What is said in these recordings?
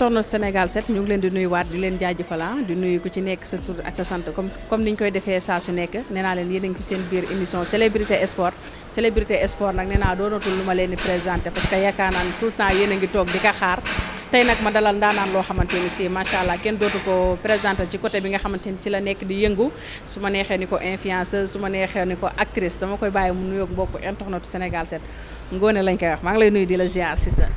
internet Sénégal 7 ñu ngi leen di nuyu waat di leen jaajëfala ah, di nuyu ku ci nekk sa tur ak sa sant comme comme niñ koy defee saa su nekk nee naa leen yéen a ngi ci seen biir émission célébrité sport célébrité sport nag nee naa doonatul lu ma leen di présenté parce que yaakaar naan tout le temps yéen a ngi toog di ka xaar tey nag ma dalal ndaanaan loo xamante si macha allah kenn dootu ko présenté ci coté bi nga xamante ni ci la nekk di yëngu su ma neexee ni ko influenceuse su ma neexee ni ko actrice dama koy bàyyi mu nuyoog mbokk internet Sénégal 7 ngoone lañ koy wax maa ngi lay nuyu di la ziar sister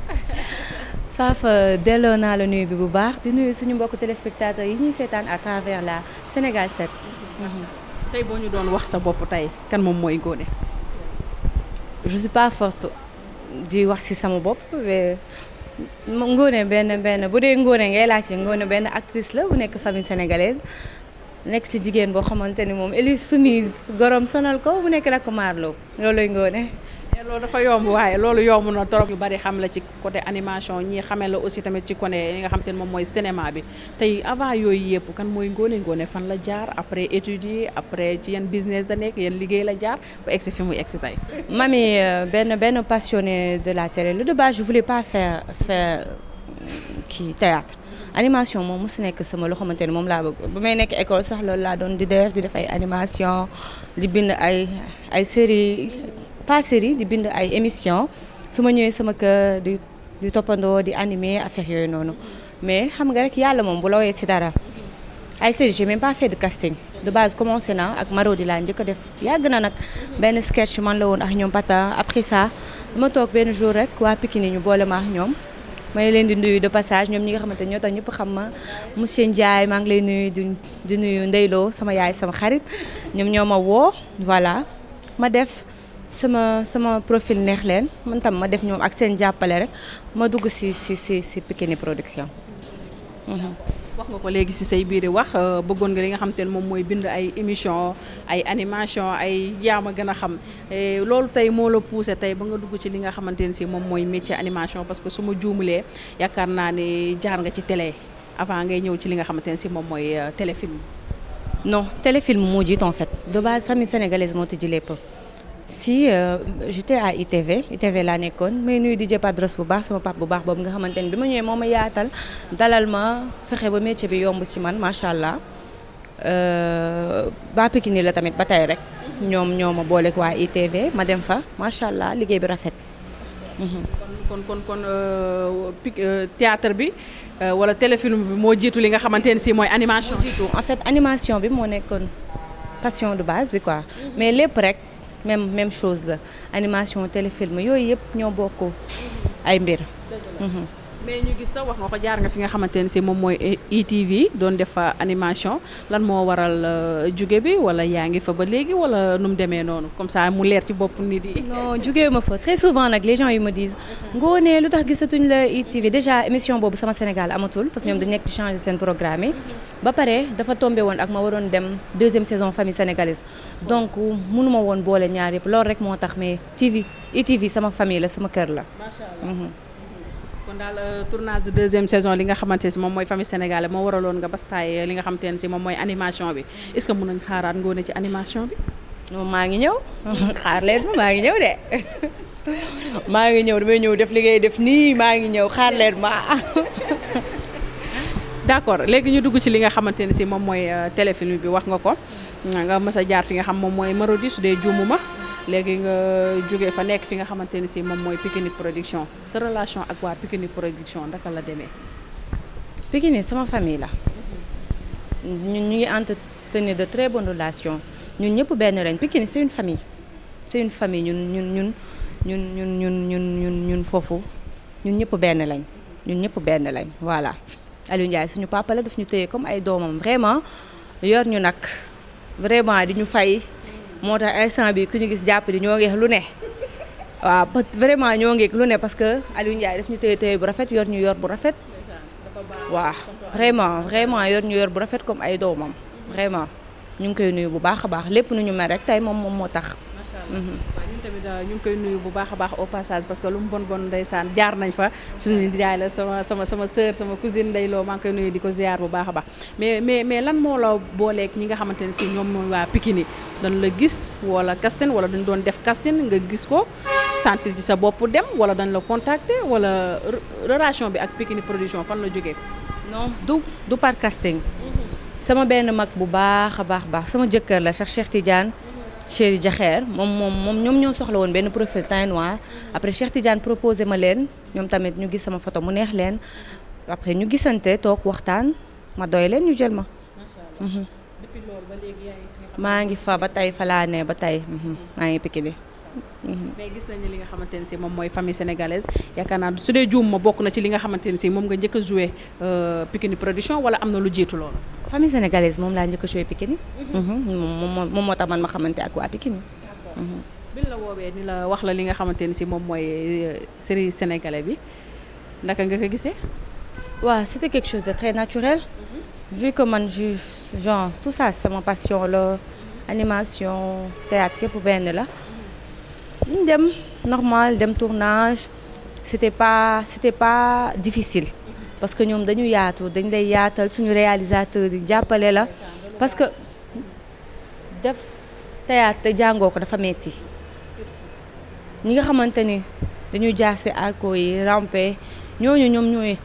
Fafa euh, delloo naa la nuyu bi bu baax di nuyu suñu mbokk téléspectateurs yi ñuy seetaan à travers la Sénégal 7. tey boo ñu doon wax sa bopp tey kan moom mooy Ngoné. je suis pas forte di wax si sama bopp mais Ngoné benn benn bu dee Ngoné ngay laajte Ngoné benn actrice la bu nekk famille sénégalaise. nekk ci jigéen boo xamante ni moom elle est soumise gorom sonal ko bu nekk rakk maarloo loolooy Ngoné. loolu dafa yomb waaye loolu yomb na trop yu bari xam la ci côté animation ñi xamee la aussi tamit ci côté yi nga xam te ne moom mooy cinéma bi tey avant yooyu yëpp kan mooy Ngoné Ngoné fan la jaar après étudier après ci yan business nekk yan liggéey la jaar ba egsi fi muy egsi tey. mami euh, benn benn passionné de la télé le de base je voulais pas faire faire euh, animation moom mosu nekk sama loo xamante ne moom laa bëgg bu may nekk école sax loolu laa doon di def di defay ay animation di bind ay ay série passer yi di bind ay émission su ma ñëwee sama kër di toppandoo di animer affaire yooyu noonu mais xam nga rek yàlla moom bu la woyee si dara ay série j'ai même pas fait de casting de base commencé na ak Marodi laa njëkk a def yàgg na nag benn sketch man la woon ak ñoom pata après ça dama toog benn jour rek waa Pikine ñu boole ma ak ñoom may leen di nuyu de passage ñoom ñi nga xamante ñoo tax ñëpp xam ma monsieur Ndiaye maa ngi lay nuyu di nuyu Ndeyloo sama yaay sama xarit ñoom ñoo ma woo voilà ma def sama sama profil neex leen man tam ma def ñoom ak seen jàppale rek ma dugg si si si si Pikini production. Mhm. wax nga ko léegi si say biir wax euh, bëggoon nga li nga xam te ne moom mooy bind ay émission ay animation ay yaam a gën a xam loolu tey moo la poussé tey ba nga dugg ci li nga xamante ne si moom mooy métier animation parce que su ma juumulee yaakaar naa ne jaar nga ci télé avant ngay ñëw ci li nga xamante ne si moom mooy euh, téléfilm. non téléfilm moo jiit en fait de base famille sénégalaise moo tijji lépp. si euh, j'étais à ITV ITV laa nekkoon may nuy di jëpadros bu baax sama pap bu baax boobu nga xamante ne bi ma ñëwee moo ma yaatal dalal ma fexe ba métier bi yomb ci man macha allah ba euh, Pikine la tamit ba tey rek ñoom ñoo ma booleeg waa ITV ma dem fa macha allah liggéey bi rafet. Mhm. kon kon kon euh, pic théâtre bi wala téléfilm bi moo jiitu li nga xamante ne si mooy animation. en fait animation bi moo nekkoon passion de base bi quoi mhm. mais lépp rek. même même chose la animation téléfilm yooyu yëpp ñoo bokk ay mbir. mais ñu gis sax wax nga ko jaar nga fi nga xamante ne si moom mooy ITV e doon def animation lan moo waral euh, jóge bi wala yaa ngi fa ba léegi wala nu mu demee noonu comme ça mu leer ci bopp nit yi. non jóge ma fa très nag les gens ma disent. ngoonee lu tax gisatuñ la ITV e déjà émission boobu sama Sénégal amatul parce que ñoom dañ nekk di dafa tombé woon ak ma waroon dem deuxième saison famille sénégalaise donc mënu woon boole ñaar yëpp loolu rek moo tax mais TV ITV e sama famille la sama kër la. kon daal euh, tournage deuxième saison li nga xamante ne si moom mooy famille sénégalais moo waraloon nga bastaay euh, li nga xamante ne si moom mooy animation bi est-ce nañ mën nañ xaaraat ngoone ci animation bi. non maa ngi ñëw xaar leen ma maa ngi ñëw ngi ñëw damay ñëw def li ngay def nii maa ngi ñëw xaar leen ma. d'accord léegi ñu dugg ci li nga xamante ne si moom mooy euh, téléfilm bi wax nga ko nga mës jaar fi nga xam moom mooy Marodi su dee juumu ma. léegi nga jógee fa nekk fi nga xamante ne si moom mooy Pikini production sa relation ak waa Pikini production ndaka la demee. Pikini sama famille la ñun ñu ngi entretenir de très bonnes relations ñun ñëpp benn lañ Pikini c'est une famille famille ñun ñun ñun ñun ñun ñun ñun ñun ñun foofu ñun ñëpp benn lañ ñun ñëpp benn lañ voilà Aliou Ndiaye suñu papa la daf ñu téye comme ay doomam vraiment yor ñu nag vraiment di ñu fay. moo tax instant bii ku ñu gis jàpp di ñoo ngeex lu ne waaw vraiment ñoo ngeeg lu ne parce que Aliou Ndiaye daf ñu téye téye bu rafet yor ñu yor bu rafet waa vraiment vraiment yor ñu yor bu rafet comme ay doomam vraiment ñu ngi koy nuyu bu baax a baax lépp nu ñu mel rek tey moom moom moo tax waaw ñun tamit euh, ñu ngi koy nuyu bu baax a baax au passage parce que lu mu bon bon ndeysaan jaar nañ fa suñu jaay la sama sama sama sœur sama cousine Ndeye Lo maa ngi koy nuyu di ko ziar bu baax a baax mais mais mais lan moo la booleek ñi nga xamante ne si ñoom mooy waa Pikine dañ la gis wala casting wala dañ doon def casting nga gis ko sentir ci sa bopp dem wala dañ la contacter wala relation bi ak Pikine production fan la jógee. non du du par casting. Mm-hmm. sama benn mag bu baax a baax baax sama jëkkër la Cheikh Cheikh Tidiane. Chéri Diakher moom moom moom ñoom ñoo soxla woon benn profil teint noir après Cheikh Tidiane proposé ma leen ñoom tamit ñu gis sama photo mu neex leen après ñu gisante toog waxtaan ma doy leen ñu jël ma. Mhm. ngi fa. maa ngi fa ba tey fa laa ne ba tey mhm. maa ngi Pikine Mhm. mais gis nañu li nga xamante ne si moom mooy famille sénégalaise yaakaar naa su dee juum ma bokk na ci li nga xamante ne si moom nga njëkk a joué euh, production wala am na lu jiitu loolu. famille sénégalaise moom laa njëkk a joué Pikini. Mhm. Mhm. moom moom moo tax man ma xamante ak waa Pikini. biñ la woowee ni la wax la li nga xamante ne si moom mooy euh, série sénégalais bi naka nga ko gisee. waaw c'était quelque chose de très naturel. vu que man ju genre tout ça sama ma la animation théâtre yëpp la. ñu dem normal dem tournage c'était pas c'était pas difficile parce que ñoom dañu yaatu dañ lay yaatal suñu réalisateur yi jàppale la parce que def théâtre te jàngoo ko dafa metti ñi nga xamante ni dañuy jaase arco yi rampe ñooñu ñoom ñooy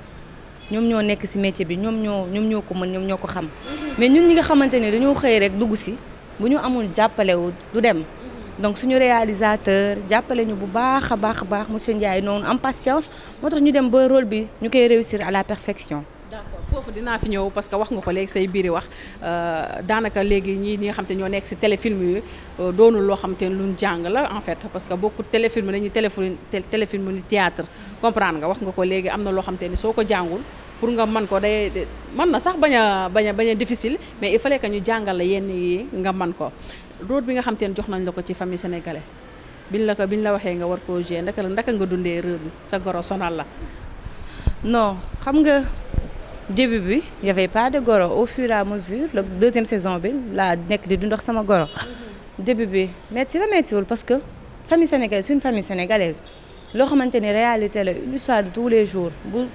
ñoom ñoo nekk ci métier bi ñoom ñoo ñoom ñoo ko mën ñoom ñoo ko xam mais ñun ñi nga xamante ni dañoo xëy rek dugg ci bu ñu amul jàppalewul du dem donc suñu réalisateur jàppale ñu bu baax a baax a baax mu monsieur Ndiaye noonu am patience moo tax ñu dem ba role bi ñu koy réussir à la perfection. d'accord foofu dinaa fi ñëw parce que wax nga ko léegi say biir biiri wax euh, daanaka léegi ñii ñi nga xam te ñoo nekk si téléfilm yi euh, doonul loo xam te ne luñ jàng la en fait parce que beaucoup téléfilm dañuy téléfilm téléfilm lu théâtre comprendre nga wax nga ko léegi am na loo xam te soo ko jàngul pour nga man ko day man na sax bañ bañ a bañ a difficile mais il fallait que ñu jàngal la yenn nga mën ko rôle bi nga xam te ne jox nañ la ko ci famille sénégalais biñ la ko bi biñ la waxee nga war ko gérer ndaka la ndaka nga dundee réew sa goro sonal la. non xam nga début bi y avait pas de goro au fur et à mesure la deuxième saison bi laa nekk di dund ak sama goro. Mhm. début bi métti la méttiwul parce que famille sénégalaise suñ une famille sénégalaise loo xamante ni réalité la une histoire de tous les jours bu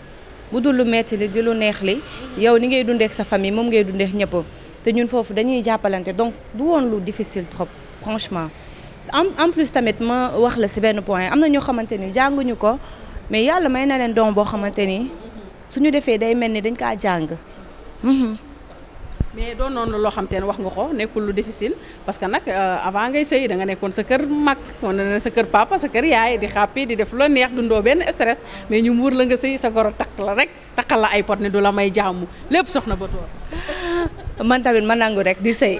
bu dul lu métti li di lu neex li mhm. yow ni ngay dundee ak sa famille moom ngay dundee ak te ñun foofu dañuy jàppalante donc du woon lu difficile trop franchement en en plus tamit ma wax la si benn point am na ñoo xamante ni jànguñu ko mais yàlla may na leen doom boo xamante ni ñu defee day mel ni dañ kaa jàng. Mhm. mais doon noonu loo xam te ne wax nga ko nekkul lu difficile parce que nag euh, avant ngay sëy da nga nekkoon sa kër mag woon na sa kër papa sa kër yaay di xàppi di def lu neex dundoo benn stress mais ñu muur la nga sëy sa goro takk la rek takkal la ay pot du la may jaamu lépp soxna ba toor man tamit ma nangu rek di sëy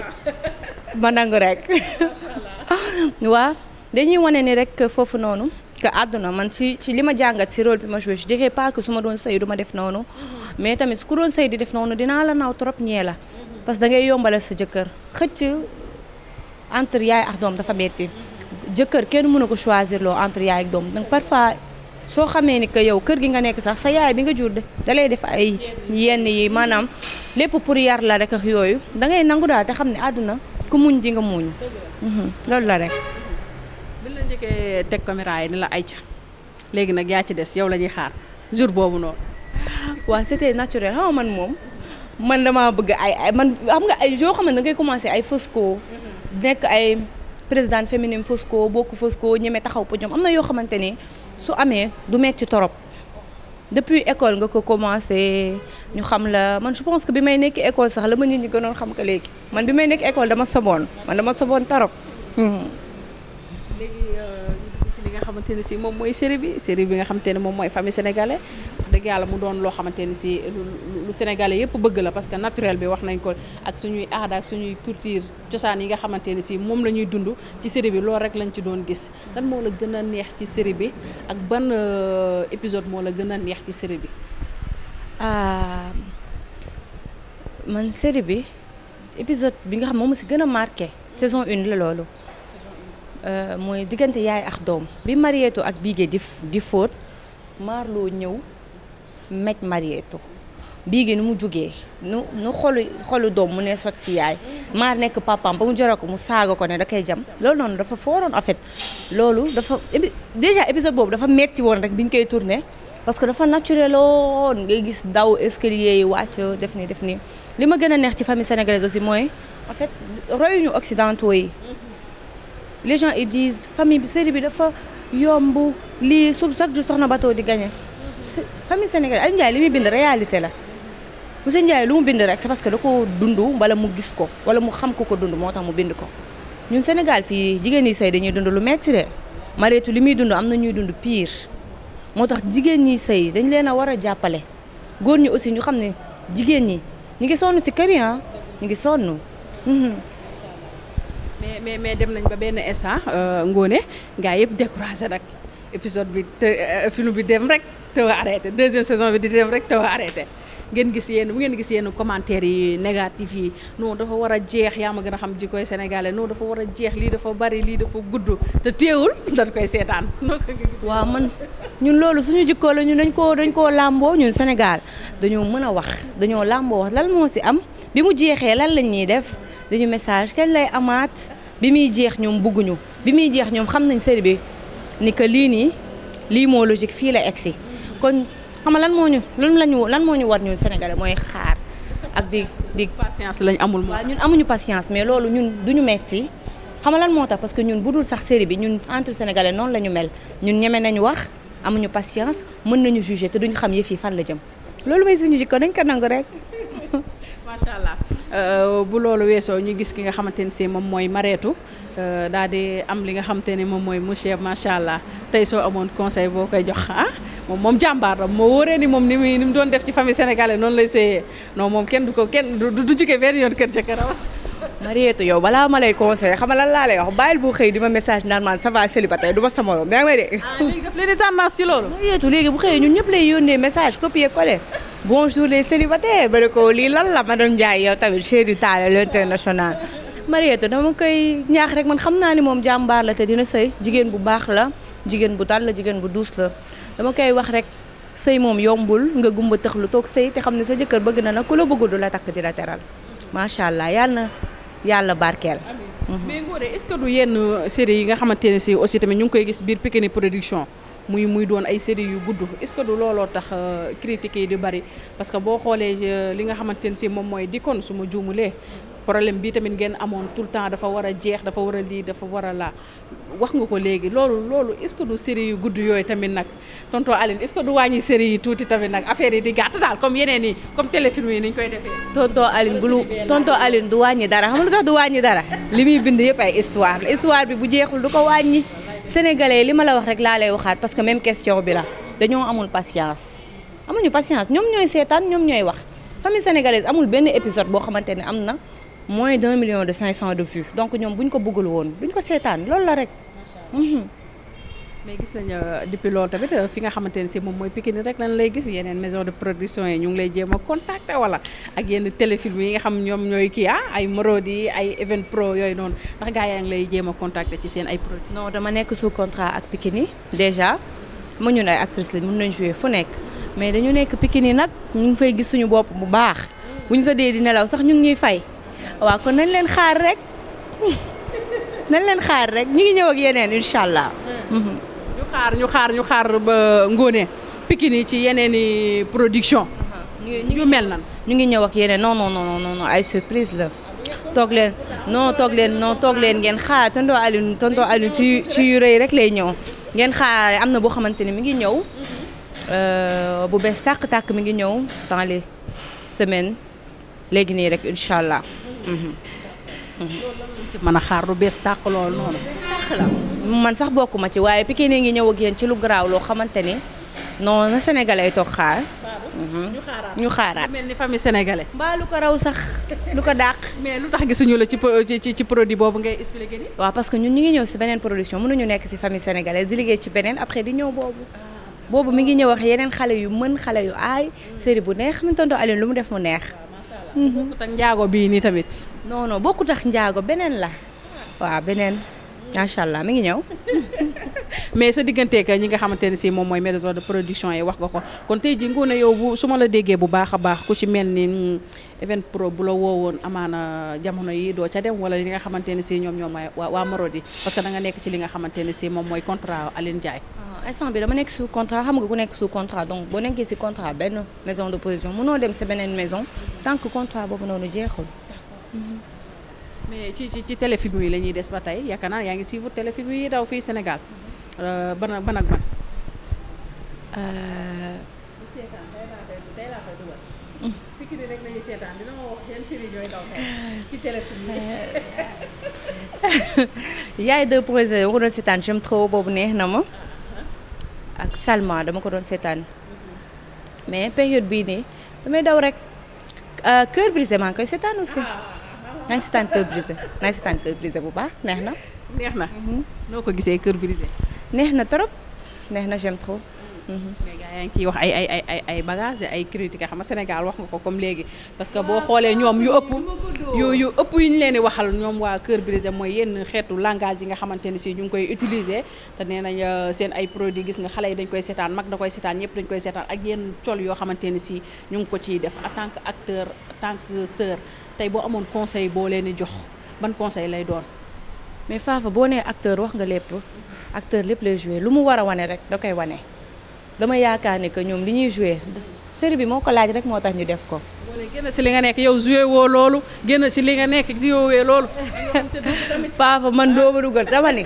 ma nangu rek waaw dañuy wane ni rek foofu noonu que àdduna man ci ci li ma jàngat si role bi ma joué je dirais su ma doon sëy du ma def noonu mm-hmm. mais tamit su ko doon sëy di def noonu dinaa la naaw trop ñee la mm-hmm. parce que da yombale sa jëkkër xëcc entre yaay ak doom dafa metti mm-hmm. jëkkër kenn mënu ko choisir loo entre yaay ak doom parfois soo xamee ni que yow kër gi nga nekk sax sa yaay bi nga jur de dalay def ay yenn yi maanaam lépp pour yar la rek yooyu da ngay nangu daal te xam ne àdduna ku muñ di nga muñ. Mhm, loolu la rek. bi la njëkkee teg caméra yi ni la ay ca léegi nag yaa ci des yow la ñuy xaar jour boobu noonu. waaw c'était naturel xam man moom man damaa bëgg ay ay man xam nga ay yoo xam ne da ngay commencé ay Fosco. nekk ay présidente féminine Fosco bokk Fosco ñeme taxaw podium am na yoo xamante ni. su amee du ci torop depuis école nga ko commencé ñu xam la man je pense que bi may nekk école sax la ma nit ñi gënoon xam ka léegi man bi may nekk école dama saboon man dama saboon torop hmm. euh, xamante ne moom mooy série bi série bi nga xamante ne moom mooy famille sénégalais wax dëgg yàlla mu doon loo xamante ne si lu sénégalais yëpp bëgg la parce que naturel bi wax nañ ko ak suñuy aada ak suñuy culture cosaan yi nga xamante ne si moom la ñuy dund ci série bi loolu rek lañ ci doon gis lan moo la gën a neex ci série bi ak ban euh, épisode moo la gën a neex ci série bi ah, man série bi épisode bi nga xam moom si gën a marqué saison une la loolu Euh, mooy diggante yaay ak doom bi marieto ak Bigué di foot fóot loo ñëw mej Marietou Bigué nu mu jugee nu nu xolu xolu doom mu ne sot si yaay maar nekk papaam ba mu joree ko mu saaga ko ne da koy jam loolu noonu dafa fooroon en fait loolu dafa déjà épisode boobu dafa metti woon rek bi ñu koy tourné parce que dafa naturel woon ngay gis daw escalier yi wàcc def ni def ni li ma gën a neex ci famille sénégalaise aussi mooy en fait royuñu occidentaux yi les gens ils famille bi série bi dafa yombu lii su chaque jour soxna bateau di gagné famille sénégalaise Aliou Ndiaye li muy bind réalité la monsieur Ndiaye lu mu bind rek parce que da ko dund wala mu gis ko wala mu xam ko ko dund moo tax mu bind ko ñun Sénégal fii jigéen ñi sëy dañuy dund lu metti de Mariétou li muy dund am na ñuy dundu piir moo tax jigéen ñi sëy dañ leen a war a jàppale góor ñi aussi ñu xam ne jigéen ñi ñu ngi sonn ci kër yi ah, ñu ngi sonn mhm. mais mais dem nañ ba benn instant euh, ngoone gars yëpp découragé nag épisode bi te euh, film bi dem rek taw a arrêté deuxième saison bi di dem rek taw a arrêté ngeen gis yéen bu ngeen gis yéen commentaires yi négatif yi non dafa war a jeex yaa ma gën a xam ji koy sénégalais non dafa war a jeex lii dafa bari lii dafa gudd te teewul dañ koy seetaan. waaw man ñun loolu suñu jikkoo la ñun dañ koo dañ koo làmboo ñun Sénégal dañoo mën a wax dañoo làmboo wax lan moo si am bi mu jeexee lan lañ ñuy def message kenn lay amaat. bi muy jeex ñoom bugguñu bi muy jeex ñoom xam nañ séri bi ni que lii nii lii moo logique fii la egg si kon xam lan moo ñu lan lañu lan moo ñu war ñun sénégalais mooy xaar ak di di patience lañ amul moom waaw ñun amuñu patience mais loolu ñun duñu metti xam lan moo tax parce que ñun bu dul sax séri bi ñun entre sénégalais noonu la ñu mel ñun ñeme nañu wax amuñu patience mën nañu juger te duñu xam yëf yi fan la jëm loolu mooy suñu jikko dañ ko nangu rek macha allah Euh, bu loolu weesoo ñu gis ki nga xamante ne si moom mooy mareetu euh, daal di am li nga xamante ni moom mooy monsieur macha allah tey soo amoon conseil boo koy jox ah moom moom jàmbaar la moo wóoree ni moom ni ni mu doon def ci famille sénégalaise noonu lay seeyee non moom kenn du ko kenn du du jugee yoon kër ca këram. Mariétou yow balaa ma lay conseillé xam nga lan laa lay wax bàyyil bu xëy di ma message naan man ça va célibataire du ma sa morom yaa may dégg. ah ñëpp lay yónnee message copier coller. bonjour les célibataires ba ne ko lii lan la madame Ndiaye yow tamit chéri taale l'international Mariétou dama koy ñaax rek man xam naa ni moom jàmbaar la te dina sëy jigéen bu baax la jigéen bu dal la jigéen bu duus la dama koy wax rek sëy moom yombul nga gumba tëx lu toog sëy te xam ne sa jëkkër bëgg na la ku la bëgg du la takk di la teral macha allah yàlla na yàlla barkeel. mais Ngoné est-ce que du yenn série yi nga xamante ne si aussi tamit ñu ngi koy gis biir Pikini production. muy muy doon ay série yu gudd est-ce que du looloo tax euh, critiques yi di bari parce que boo xoolee li nga xamante ne si moom mooy dikkoon su ma juumulee problème bi tamit ngeen amoon tout le temps dafa war a jeex dafa war a lii dafa war wax nga ko léegi loolu loolu est-ce que du yu gudd yooyu tamit nag tonton Aline est-ce que du wàññi série yi tuuti tamit nag affaire yi di gàtt daal comme yeneen yi comme téléfilm yi niñ koy defee. tonton Aline bu tonton Aline du wàññi dara xam nga lu tax du wàññi dara li muy bind yëpp ay histoire la histoire bi bu jeexul du ko wàññi. sénégalais li ma la wax rek laa lay waxaat parce que même question bi la dañoo amul patience amuñu patience ñoom ñooy seetaan ñoom ñooy wax famille sénégalaise amul benn épisode boo xamante ne am na moins d' un million de cinq cent de vues donc ñoom buñ ko bëggul woon duñ ko seetaan loolu la rek. mais gis nañu euh, depuis loolu tamit euh, fi nga xamante ne si moom mooy Pikine rek lan lay gis yeneen maison de production yi ñu ngi lay jéem a contacter wala ak yenn téléfilm yi nga xam ñoom ñooy kii ah ay Morodi ay Event Pro yooyu noonu ndax gars yaa ngi lay jéema a ci seen ay produits. non dama nekk sous contrat ak Pikine déjà mu ñun ay actrices lañ mën nañ jouer fu nekk mais dañu nekk Pikine nag ñu ngi fay gis suñu bopp bu baax bu ñu fa di nelaw sax ñu ngi ñuy fay waaw kon nañ leen xaar rek nañ leen xaar rek ñu ngi ñëw ak yeneen incha allah. Hmm. Mhm. xaar ñu xaar ñu xaar ba ngoone Pikine yi ci yeneen i production ñu mel nan ñu ngi ñëw ak yeneen non non non non ay surprise la toog leen non toog leen non toog leen ngeen xaar tonton Alioune tonton Alioune ci ci rek lay ñëw ngeen xaar am na boo xamante ni mi ngi ñëw euh, bu bees tàkk-tàkk mi ngi ñëw dans les semaine léegi nii rek incha allah. mën a xaar lu bees tàkk loolu noonu. yàq man sax bokk ma ci waaye Pikine ngi ñëw ak ci lu garaaw loo xamante ni non na sénégalais toog xaar. Mhm. ñu xaaraat mel ni famille sénégalais. mbaa lu ko raw sax lu ko dàq. mais lu tax gisuñu la ci ci ci produit boobu ngay expliqué nii. waaw parce que ñun ñu ngi ñëw si beneen production mënuñu nekk si famille sénégalaise di liggéey ci beneen après di ñëw boobu. Ah. boobu mi ngi ñëw wax yeneen xale yu mën xale yu aay. série bu neex xam ne tonton lu mu def mu neex. Ah, macha mhm. bokkut ak njaago bii nii tamit. non non bokkut njaago beneen la. Ah. waaw beneen. macha allah mi ngi ñëw. mais sa digganteeg ñi nga xamante ne si moom mooy maison de production yi wax nga ko kon tey jii Ngoné yow bu su ma la déggee bu baax a baax ku ci mel ni mm, Evenprod bu la woowoon amaana jamono yi doo ca dem wala li nga xamante ne si ñoom ñoom waa waa Marodi parce que da nga nekk ci li nga xamante ne si moom mooy contrat Aline Ndiaye. Ah, instant bi dama nekk sous contrat xam nga ku nekk sous contrat donc boo nekkee si contrat benn maison de production boobu noonu jeexul. mais ci ci ci téléfilm yi la ñuy des ba tey yaakaar naa yaa ngi suivre téléfilm yi daw fii Sénégal euh, ban ak ban ak ban. Euh, mm. yaay deux point zéro ko doon seetaan j'aime trop boobu neex na ma uh-huh. ak Salma dama ko doon seetaan mais période bii nii damay daw rek euh, Cœur koy seetaan aussi. Ah, nañ seetaan Cœur Brisé nañ seetaan Cœur bu baax neex na. neex na. Mhm. noo ko gisee kër Brisé. neex na trop neex na j'aime trop. Mhm. mais gars wax ay ay ay ay bagages ay critiques nga xam ne wax nga ko comme léegi parce que boo xoolee ñoom yu ëpp yu ëpp yu ñu leen di waxal ñoom waa Cœur Brisé mooy yenn xeetu langage yi nga xamante ne si ñu ngi koy utiliser te nee nañ euh, seen ay produit gis nga xale yi dañ koy seetaan mag da koy seetaan ñëpp dañ koy seetaan ak yenn col yoo xamante ne si ñu ngi ko ciy def en tant que acteur en tant que sœur tey boo amoon conseil boo leen di jox ban conseil lay doon. mais Fafa boo nee acteur wax nga lépp acteur lépp lay joué lu mu war a wane rek da koy wane dama yaakaar ne que ñoom li ñuy joué série bi moo ko laaj rek moo tax ñu def ko. wala li nga nekk yow joué woo loolu génn si li nga nekk joué loolu. Fafa man doo ma dugal dama ni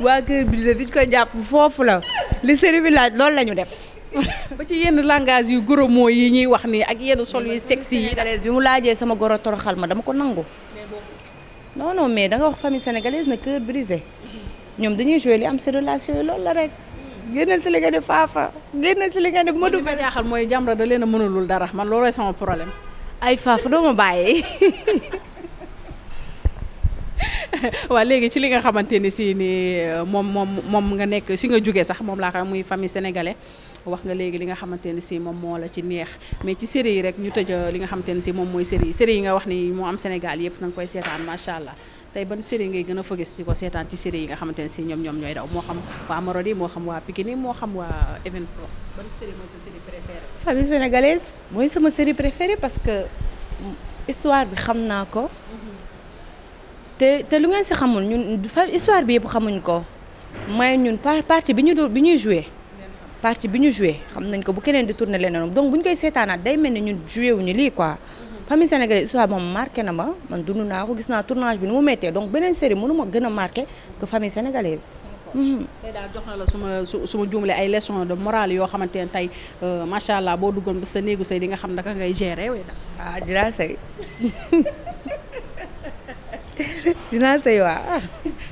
waa kër bi de ko jàpp foofu la li série bi laaj loolu la ñu def. ba ci yenn langage yu goro moo yi ñuy wax nii ak yenn sol yu sexy yi. bi mu laajee sama goro toroxal ma dama ko nangoo non non mais da nga wax famille sénégalaise na cœur brisé. ñoom dañuy joué li am seen relation yi loolu la rek. génn si li nga ne faafa génn si li nga ne Modou. li ma jaaxal mooy Jamra da leen a mënulul dara man looloo sama problème. ay faafa doo ma bàyyi. waaw léegi ci li nga xamante ni si ni euh, moom moom moom nga nekk si nga jugee sax moom laa xam muy famille sénégale wax nga léegi li nga xamante ne si moom moo la ci neex mais ci série yi rek ñu tëj euh, li nga xamante ne si moom mooy série yi série yi nga wax ni moo am Sénégal yëpp na nga koy seetaan macha allah tey ban série ngay gën a focus di ko seetaan ci série yi nga xamante ne si ñoom ñoom ñooy daw moo xam waa Marodi moo xam waa Pikini moo xam waa Even Pro sa série famille sénégalaise mooy sama série préférée parce que histoire bi xam naa ko. Mhm. te te lu ngeen si xamul ñun fa histoire bi yëpp xamuñ ko may ñun partie bi ñu doon bi ñuy joué. partie bi ñu joué xam nañ ko bu keneen di tourné leneen donc bu ñu koy seetaanaat day mel ni ñun joué wuñu lii quoi. Mhm. famille sénégalaise histoire moom marqué na ma man dund naa ko gis naa tournage bi nu mu méttee donc beneen série mënu ma gën a marqué que famille sénégalaise. Mhm. na la su ma su ay leçons de morale yoo xamante ne tey euh, macha allah boo duggoon ba sa néegu sëy di nga xam naka ngay gérer. waaw ah, dinaa sëy. dinaa sëy waa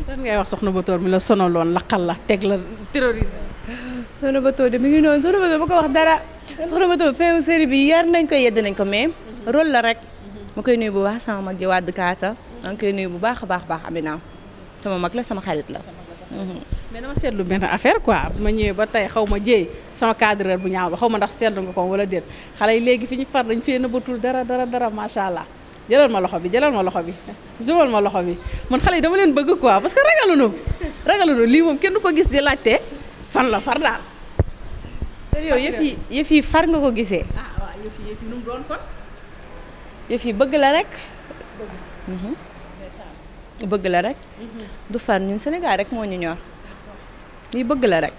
lan ngay wax soxna Batoor mi la sonaloon laqal la teg la terrorisme soxna Batoor de mi ngi noonu soxna Batoor ba ko wax dara soxna Batoor fin série bi yar nañ ko yedd nañ ko mais rôle la rek ma koy nuyu bu baax sama mag ji wàdd kaasa ma koy nuyu bu baax a baax baax Amina sama mag la sama xarit la mhm. mais dama seetlu benn affaire quoi ma ñëwee ba tey xaw ma jéey sama cadreur bu ñaaw ba xaw ma ndax seetlu nga ko wala déet xale yi léegi fi ñu far dañ fi na bëtul dara dara dara macha allah jëlal ma loxo bi jëlal ma loxo bi jëlal ma loxo bi man xale yi dama leen bëgg quoi parce que ragalunu ragalunu lii moom kenn du ko gis di laajte fan la far daal. te yow yëf yi far nga ko gisee. ah doon kon. bëgg la rek. bëgg mhm. la rek. Mhm. du far ñun Sénégal rek moo ñu ñor. lii bëgg la rek.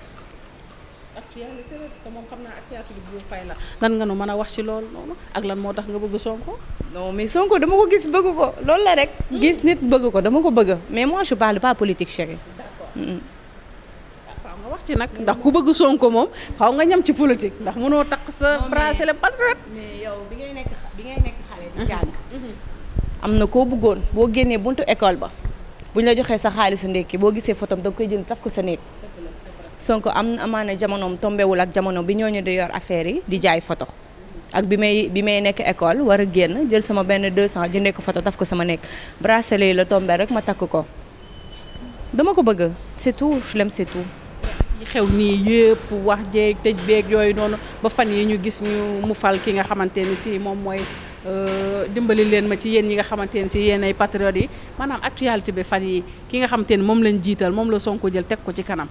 Diouf Faye la lan nga nu mën a wax ci loolu ak lan moo tax nga bëgg Sonko. non mais Sonko dama ko gis bëgg ko loolu la rek. Hmm? gis nit bëgg ko dama ko bëgg mais moi je parle pas politique wax ci nag ndax ku bëgg Sonko moom xaw nga ñam ci politique ndax mënoo takk sa bracelet le patriote. yow bi ngay bi ngay mhm. Mhm. am na koo bëggoon boo génnee buntu école ba ñu la joxee sa xaalisu ndekki boo gisee photom da koy jënd taf ko sa néeg. Sonko am amaana jamonoom tombewul ak jamono bi ñoo ñu di yor affaire yi di jaay foto ak bi may bi may nekk école war a génn jël sama benn deux 200 jëndee ko foto daf ko sama nekk bracelet la tombe rek ma takk ko dama ko bëgg c'est tout flemme c'est yi xew nii yëpp wax jeeg tëj beeg yooyu noonu ba fan yi ñu gis ñu mu fal ki nga xamante ni si moom mooy euh, dimbali leen ma ci yéen ñi nga xamante ni si yéen ay patriotes yi maanaam actualité bi fan yi ki nga xamante ni moom lañ jiital moom la Sonko jël teg ko ci kanam.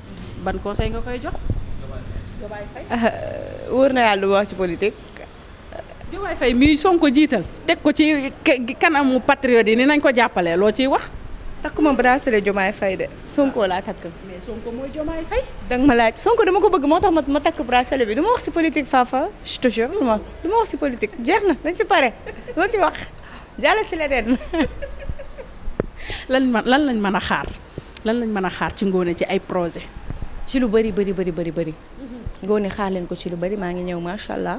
ban conseil nga koy jox. Ah, na yàlla lu wax ci politique. Diomaye Faye mii Sonko jiital teg ko ci kanamu patriote yi ni nañ ko jàppale loo ciy wax. takkuma bracelet Diomaye Faye de Sonko laa takk. mais Sonko mooy Diomaye Faye. danga ma laaj Sonko dama ko bëgg moo tax ma takk bracelet bi du ma wax ci politique Fafa je te jure ma wax ci politique jeex na dañ ci pare doo ci wax jàll ci leneen. lan lan lañ mën a xaar lan lañ mën a xaar ci Ngoné ci ay projet ci lu bëri bëri bari bëri bëri. ngoone xaar leen ko ci lu bëri maa ngi ñëw macha allah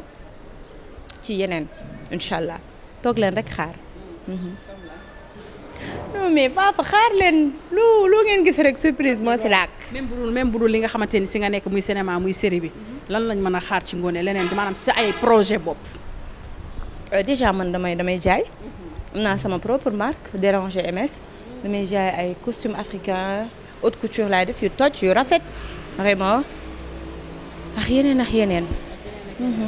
ci yeneen incha allah toog leen rek xaar. Mm-hmm. non mais faafa xaar leen lu lu ngeen gis rek surprise moo si laak. même bu dul li nga xamante ni si nga nekk muy cinéma muy série bi. Mm-hmm. lan lañ mën a xaar ci ngoone leneen maanaam si ay projet bopp. Euh, déjà man damay damay jaay. Mm-hmm. am naa sama propre marque Déranger MS. damay jaay ay costume africain haute couture def yu toj yu rafet. vraiment ak yeneen ak yeneen. Mhm.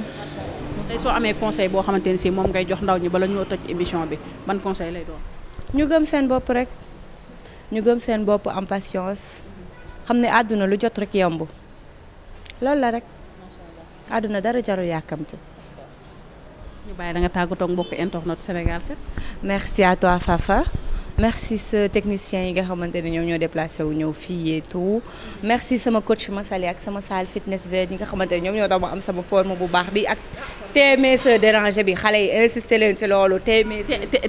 tey soo amee conseil boo xamante ne si moom ngay jox ndaw ñi bala ñoo toj émission bi ban conseil lay doon. ñu gëm seen bopp rek ñu gëm seen bopp am patience xam ne àdduna lu jot rek yomb loolu la rek àdduna dara jaru yàkkamti. ñu bàyyi da nga tàggatoo ak mbokk internet Sénégal 7. merci à Fafa. merci sa technicien yi nga xamante ne ñoom ñoo déplacé wu ñëw fii et tout merci sama coach massali ak sama saal fitness bi nga xamante ne ñoom ñoo tax ma am sama forme bu baax bi ak téemee sa déranger bi xale yi insisté leen si loolu téemee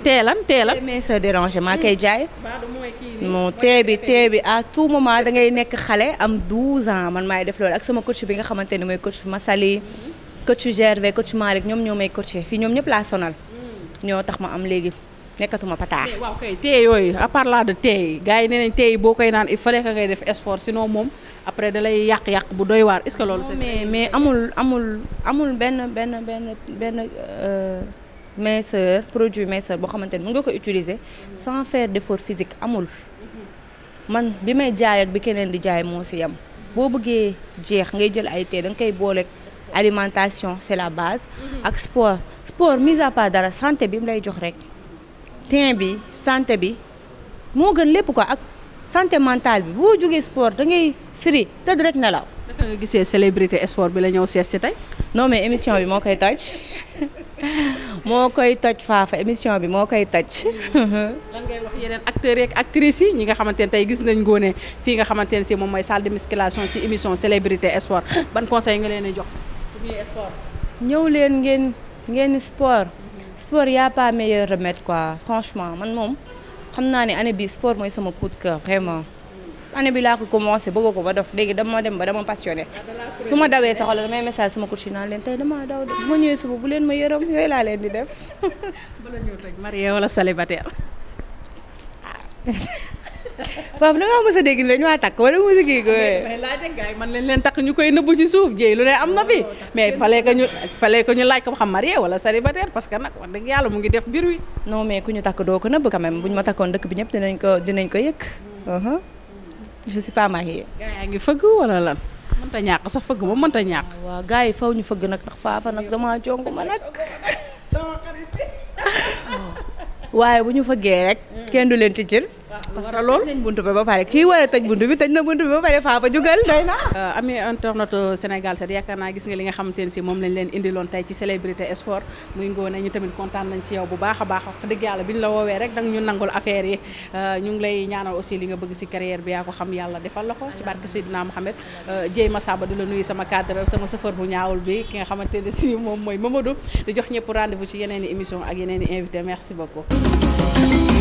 teelan teelan téemee sa déranger maa koy jaay mmh. moo tee bi tee bi à tout moment da ngay nekk xale am 12 ans man maay def loolu ak sama coach bi nga xamante ne mooy coach Massaly coach Gervais coach Malick ñoom ñoo may coaché fii ñoom ñëpp laa sonal mmh. ñoo tax ma am léegi nekkatuma pataar. mais waaw kay yooyu à part là de tey gars yi nee nañ tey boo koy naan il fallait que ngay def sport sinon moom après dalay yàq-yàq bu doy waar est-ce que loolu. c'est mais amul amul amul benn benn benn benn euh, minceur produit minceur boo xamante ni mën nga ko utiliser sans faire d'effort physique amul man bi may jaay ak bi keneen di jaay moo si yam boo bëggee jeex ngay jël ay tee da nga koy booleek alimentation c'est la base. Mhm. ak sport sport mise à part dara santé bi mu lay jox rek. teint bi santé bi moo gën lépp ko ak santé mentale bi boo jógee sport da ngay firi tëdd rek nelaw. naka nga gisee célébrité sport bi la ñëw sees si tey. non mais émission bi moo koy toj moo koy toj faafa émission bi moo koy toj. lan ngay wax yeneen acteurs yeeg actrices yi ñi nga xamante ne tey gis nañ Ngoné fii nga xamante ne si moom mooy salle de musculation ci émission célébrité sport ban conseil nga leen di jox pour ngeen ngeen sport. sport y a pas meilleur remède quoi franchement man moom xam naa ne année bi sport mooy sama coup de vraiment année bi laa ko commencé bëgg ko ba dof léegi dama dem ba dama passionné su ma dawee sax wala damay message sama coach yi naa leen tey dama daw bu ma ñëwee suba bu leen ma yërëm yooyu laa leen di def. bala ñëw toj marié wala célibataire Pape na ngaa a dégg ni dañu waa takk wala mës a kii ko ah, mais laajte leen takk ñu koy nëbbu ci suuf jéey lu ne am na fi oh, mais fallait que ñu fallait que ñu laaj ko xam marié wala célibataire parce que nag wax dëgg yàlla mu ngi def mbir wi non mais ku ñu takk doo ko nëbb quand même bu ñu ma takkoon dëkk bi ñëpp dinañ ko dinañ ko yëkk uh-huh. je suis pas fëgg wala lan mënta ñàkk sax fëgg moom mënta ñàkk waaw gars yi faw ñu fëgg nag ndax faafa nag dama jongu ma nag waaye bu ñu fëggee rek kenn du leen tijjil parce que loolu nañ buntu bi ba pare kii war a tëj buntu bi tëj na buntu bi ba pare faa fa jugal doy na euh, ami internet Sénégal set yaakaar naa gis nga li nga xamante ne si moom lañ leen indiloon tey ci célébrité sport muy ngoone bu baax a baax la woowee rek danga ñu nangul affaire yi euh, ñu ngi lay ñaanal aussi li nga bëgg si carrière bi yaa ko xam ko ci barke Seydina Mohamed euh, Dieye Massaba di la nuyu sama cadre sama chauffeur bu ñaawul bi ki nga xamante ne moom mooy Mamadou di jox ñëpp rendez-vous ci yeneen i émission ak yeneen i invité merci beaucoup